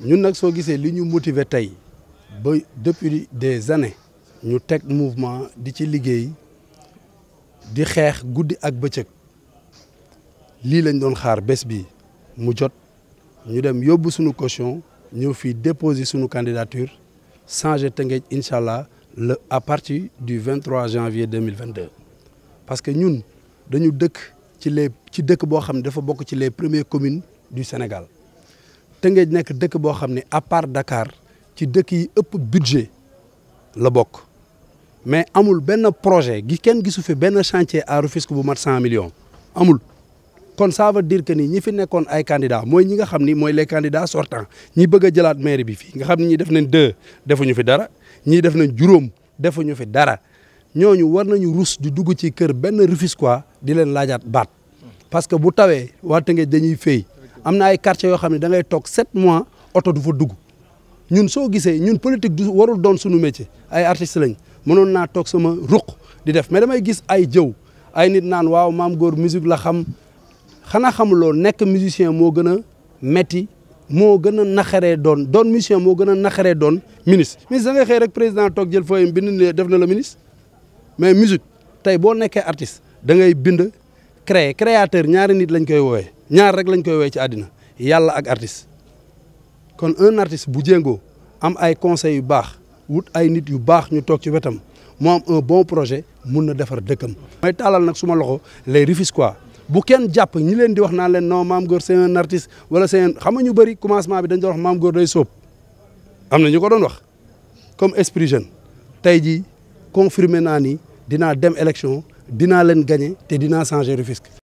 Nous sommes motivés li ñu motiver depuis des années nous, avons mouvement di ci liggéey di xeex guddi ak bëccëg lii lañ doon xaar nous bi mu jot ñu dem yóbbu suñu caution ñëw déposer suñu candidature sans Tëngéej incha à partir du 23 janvier 2022 parce que nous, nous dëkk ci les ci les premières communes du Sénégal Tëngéej à part Dakar ci a un budget la bokk mais amul un projet gi qui chantier à Rufisque bu millions amul kon ça veut dire que ni ñi candidats ni les candidats sortants ñi bëgg a mairie bi nga ni ñi def nañ deux defuñu fi dara ñii def nañ defuñu fi dara war nañu rus du dugg ci kër benn Rufisque di leen parce que si vous avez Tëngéej am na ay quartiers yoo xam ne da toog sept mois oto du fa dugg ñun soo gisee ñun politique du warul doon suñu métier ay artistes lañ mënoon naa toog sama ruq di def mais damay gis ay jëw ay nit naan waaw maam góor musique la xam xanaa xamuloo nekk musicien moo gën a metti moo gën a naxaree doon doon musicien moo gën a naxaree doon ministre ministre da ngay xëy rek président toog jël fooyam bind ne def na la ministre mais musique tey boo nekkee artiste da ngay bind créer créateur ñaari nit lañ koy woowee ñaar rek lañ koy woowee ci adina yalla ak artiste kon un artiste bu djengo am ay conseils yu bax wut ay nit yu bax ñu tok ci wétam mo am un bon projet mun na defar dëkkam. may talal nak suma loxo les quoi bu kenn japp ñi leen di wax naa leen non mam Gor c'est un artiste wala c'est un xam nga commencement bi dañ doon wax Mame Gor day sóob am ñu ko doon wax comme esprit jeune tay ji confirmer na ni dina dem élection dina leen gagner té dina changer Rufisque.